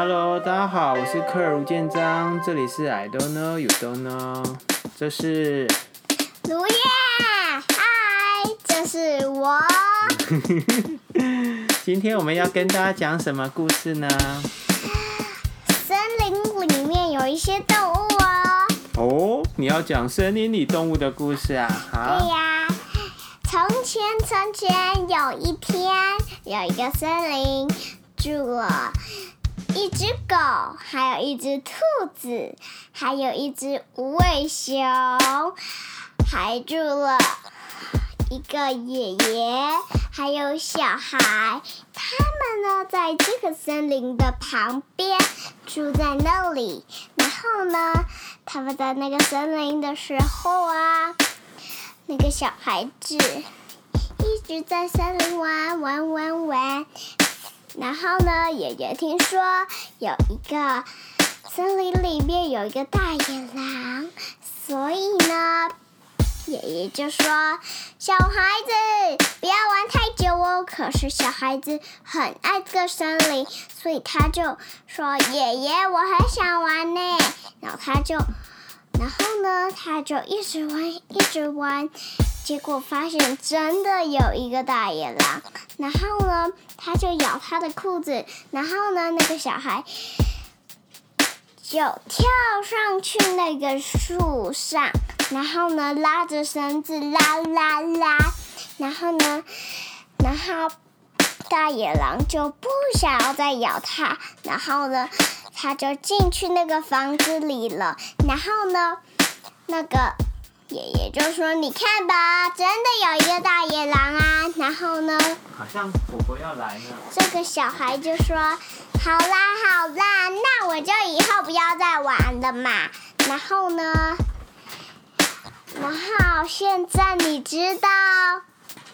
Hello，大家好，我是克爾吳建章，這裡是 I don't know, you don't know，這是盧燕 Hi，這是我。 今天我們要跟大家講什麼故事呢？森林裡面有一些動物哦。哦、Oh，你要講森林裡動物的故事啊？好，對呀、啊啊。從前，從前有一天，有一個森林祝我。一隻狗，還有一隻兔子，還有一隻無尾熊，還住了一個爺爺，還有小孩。他們呢，在這個森林的旁邊住在那裡。然後呢，他們在那個森林的時候啊，那個小孩子一直在森林玩玩玩玩。然後呢，爺爺聽說有一個森林裡面有一個大野狼，所以呢，爺爺就說：“小孩子不要玩太久哦。”可是小孩子很愛這個森林，所以他就說：“爺爺，我很想玩呢。”然後他就，然後呢，他就一直玩，一直玩。結果發現真的有一個大野狼，然後呢，他就咬他的褲子，然後呢，那個小孩就跳上去那個樹上，然後呢，拉着繩子拉拉拉，然後呢，然後大野狼就不想要再咬他，然後呢，他就進去那個房子裡了，然後呢，那個。爺爺就說：“你看吧，真的有一個大野狼啊。”然後呢，好像果果要來了。這個小孩就說：“好啦，好啦，那我就以後不要再玩了嘛。”然後呢，然後現在你知道，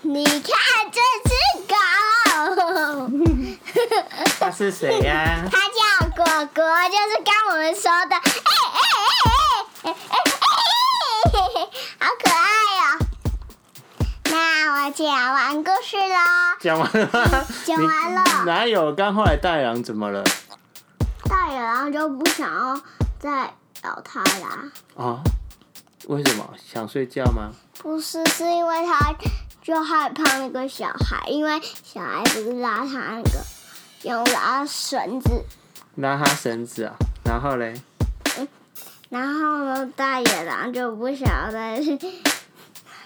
你看這隻狗，它是誰呀、啊？它叫果果，就是剛我們說的。講完故事啦。講完了嗎？嗯，講完了。哪有？剛後來大野狼怎麼了？大野狼就不想要再咬他啦、啊。哦。為什麼？想睡覺嗎？不是，是因為他就害怕那個小孩，因為小孩不是拉他那個，用拉繩子。拉他繩子啊？然後嘞？嗯，然後呢？大野狼就不想再，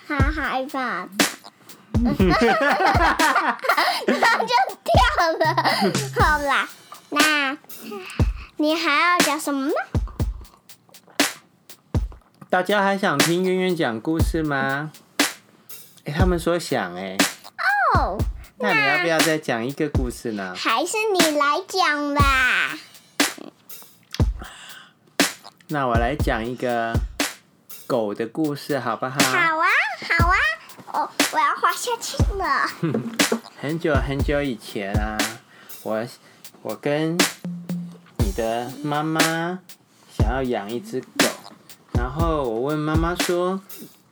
他害怕。哈哈哈哈哈！然後就掉跳了。 好啦，那你還要講什麼嗎？大家還想聽願願講故事嗎？哎、欸，他們說想哎、欸。哦、oh。那你要不要再講一個故事呢？還是你來講吧。那我來講一個狗的故事，好不好？好啊，好啊。哦，我要滑下去了。很久很久以前啊，我我跟你的媽媽想要養一隻狗，然後我問媽媽說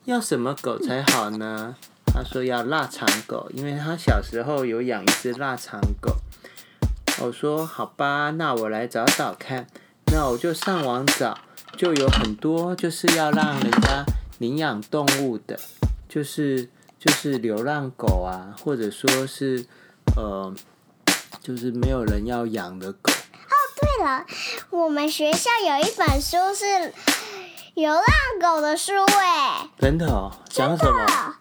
要什麼狗才好呢？她說要臘腸狗，因為她小時候有養一隻臘腸狗。我說好吧，那我來找找看。那我就上網找，就有很多就是要讓人家領養動物的。就是就是流浪狗啊，或者說是呃，就是沒有人要養的狗。哦，對了，我們學校有一本書是流浪狗的書，哎。真的？講什麼？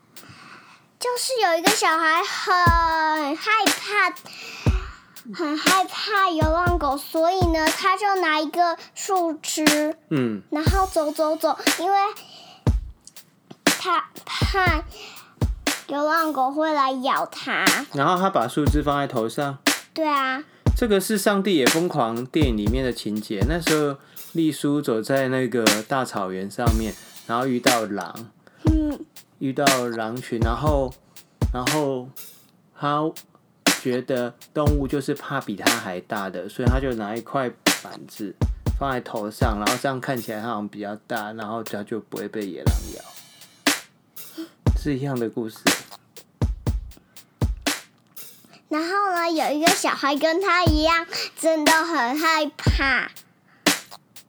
就是有一個小孩很害怕，很害怕流浪狗，所以呢，他就拿一個樹枝，嗯，然後走走走，因為。怕，怕流浪狗會來咬他，然後他把樹枝放在頭上。對啊，這個是《上帝也瘋狂》電影裡面的情節。那時候歷蘇走在那個大草原上面，然後遇到狼。嗯，遇到狼群，然後，然後他覺得動物就是怕比他還大的，所以他就拿一塊板子放在頭上，然後這樣看起來好像比較大，然後腳就不會被野狼咬。這樣的故事。然後呢，有一個小孩跟他一樣，真的很害怕。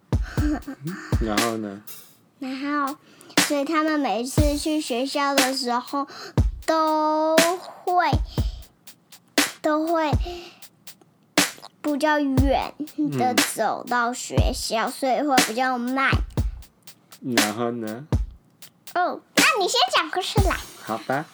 然後呢？然後，所以他們每次去學校的時候，都會都會比較遠的走到學校，嗯，所以會比較慢。然後呢？哦。你先講故事來。好吧，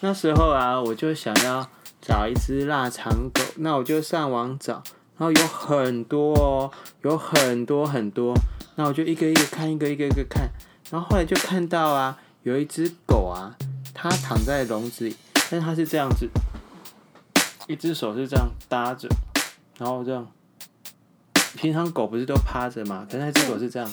那時候啊，我就想要找一隻臘腸狗，那我就上網找，然後有很多哦，有很多很多，那我就一個一個看，一個一個一個看，然後後來就看到啊，有一隻狗啊，它躺在籠子裡，但它是，是這樣子，一隻手是這樣搭着，然後這樣，平常狗不是都趴着嘛，但那隻狗是這樣，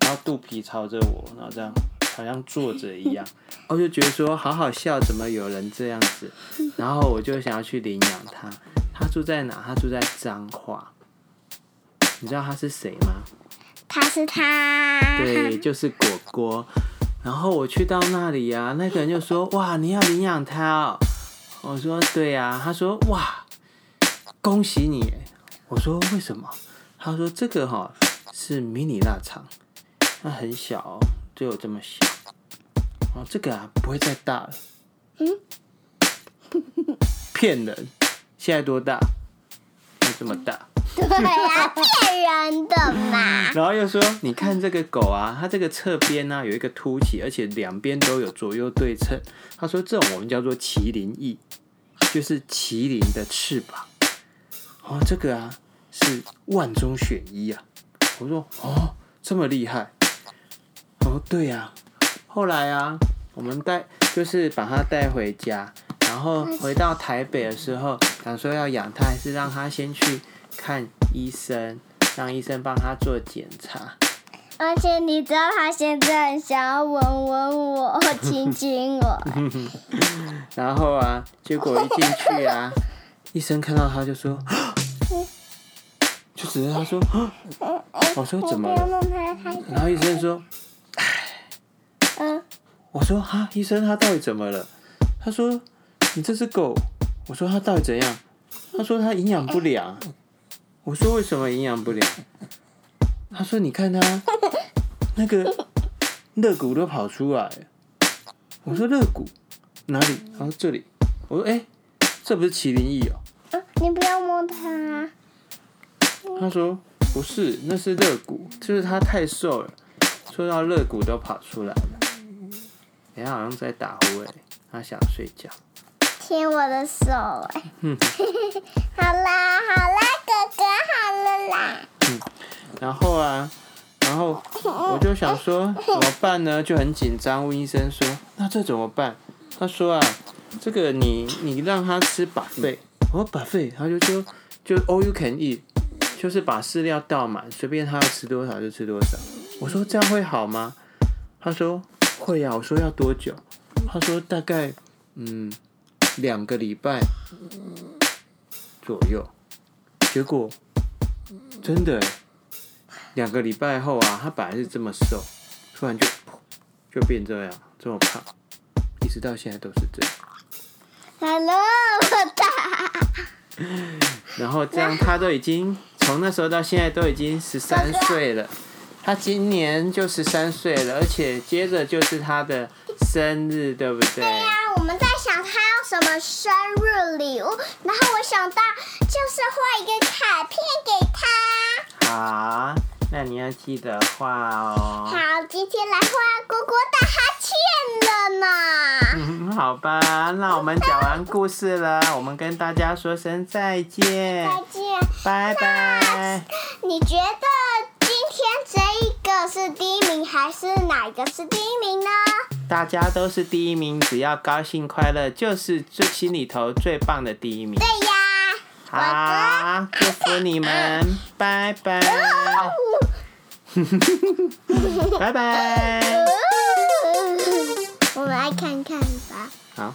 然後肚皮朝着我，然後這樣。好像坐着一樣， 我就覺得說好好笑，怎麼有人這樣子？然後我就想要去領養他。他住在哪？他住在彰化。你知道他是誰嗎？他是他。對，就是果果。然後我去到那裡啊，那個人就說：“哇，你要領養他哦。”我說：“對啊。”他說：“哇，恭喜你。”我說：“為什麼？”他說：“這個哈是迷你臘腸，它很小哦。”就有這麼小，哦，這個啊，不會再大了。騙、嗯、 人！現在多大？這麼大。 對呀、啊，騙人的嘛。然後又說，你看這個狗啊，它這個側邊呢、啊、有一個凸起，而且兩邊都有左右對稱。他說，這種我們叫做麒麟翼，就是麒麟的翅膀。哦，這個啊，是萬中選一啊！我說，哦，這麼厲害。哦，對呀、啊，後來啊，我們帶就是把他帶回家，然後回到台北的時候，想說要養他還是讓他先去看醫生，讓醫生幫他做檢查。而且你知道他現在很想要吻吻我，我、親親我。 然後啊，結果一進去啊， 醫生看到他就說， 就指着他說，我 說、哦、怎麼了？然後醫生說。我說哈，醫生，他到底怎麼了？他說，你這隻狗。我說他到底怎樣？他說他營養不良。我說為什麼營養不良？他說你看他那個肋骨都跑出來。我說肋骨哪裡？然後、啊、這裡。我說哎、欸，這不是麒麟翼哦。啊，你不要摸它。他說不是，那是肋骨，就是它太瘦了，瘦到肋骨都跑出來了。他、欸、好像在打呼哎、欸，他想睡覺。牽我的手哎、欸。 好啦好啦，哥哥好了啦。嗯，然後啊，然後我就想說怎麼辦呢？就很緊張，問醫生說：“那這怎麼辦？”他說：“啊，這個你你讓他吃 buffet、Oh, 說：‘buffet。”他就就就 all you can eat，就是把飼料倒滿，隨便他要吃多少就吃多少。我說這樣會好嗎？他說。會呀、啊，我說要多久？他說大概嗯兩個禮拜左右。結果真的兩個禮拜後啊，他本來是這麼瘦，突然就就變這樣這麼胖，一直到現在都是這樣。Hello，我的，然後這樣他都已經從那時候到現在都已經十三歲了。他今年就十三歲了，而且接着就是他的生日，對不對？對呀、啊，我們在想他要什麼生日禮物，然後我想到就是畫一個卡片給他。好，那你要記得畫哦。好，今天來畫姑姑打哈欠了呢。嗯，好吧，那我們講完故事了， 我們跟大家說聲再見。再見。拜拜。你覺得？是第一名還是哪一個是第一名呢？大家都是第一名，只要高興快樂就是最心裡頭最棒的第一名。對呀，好，祝福你們， 拜拜， 拜拜，我們來看看吧。好。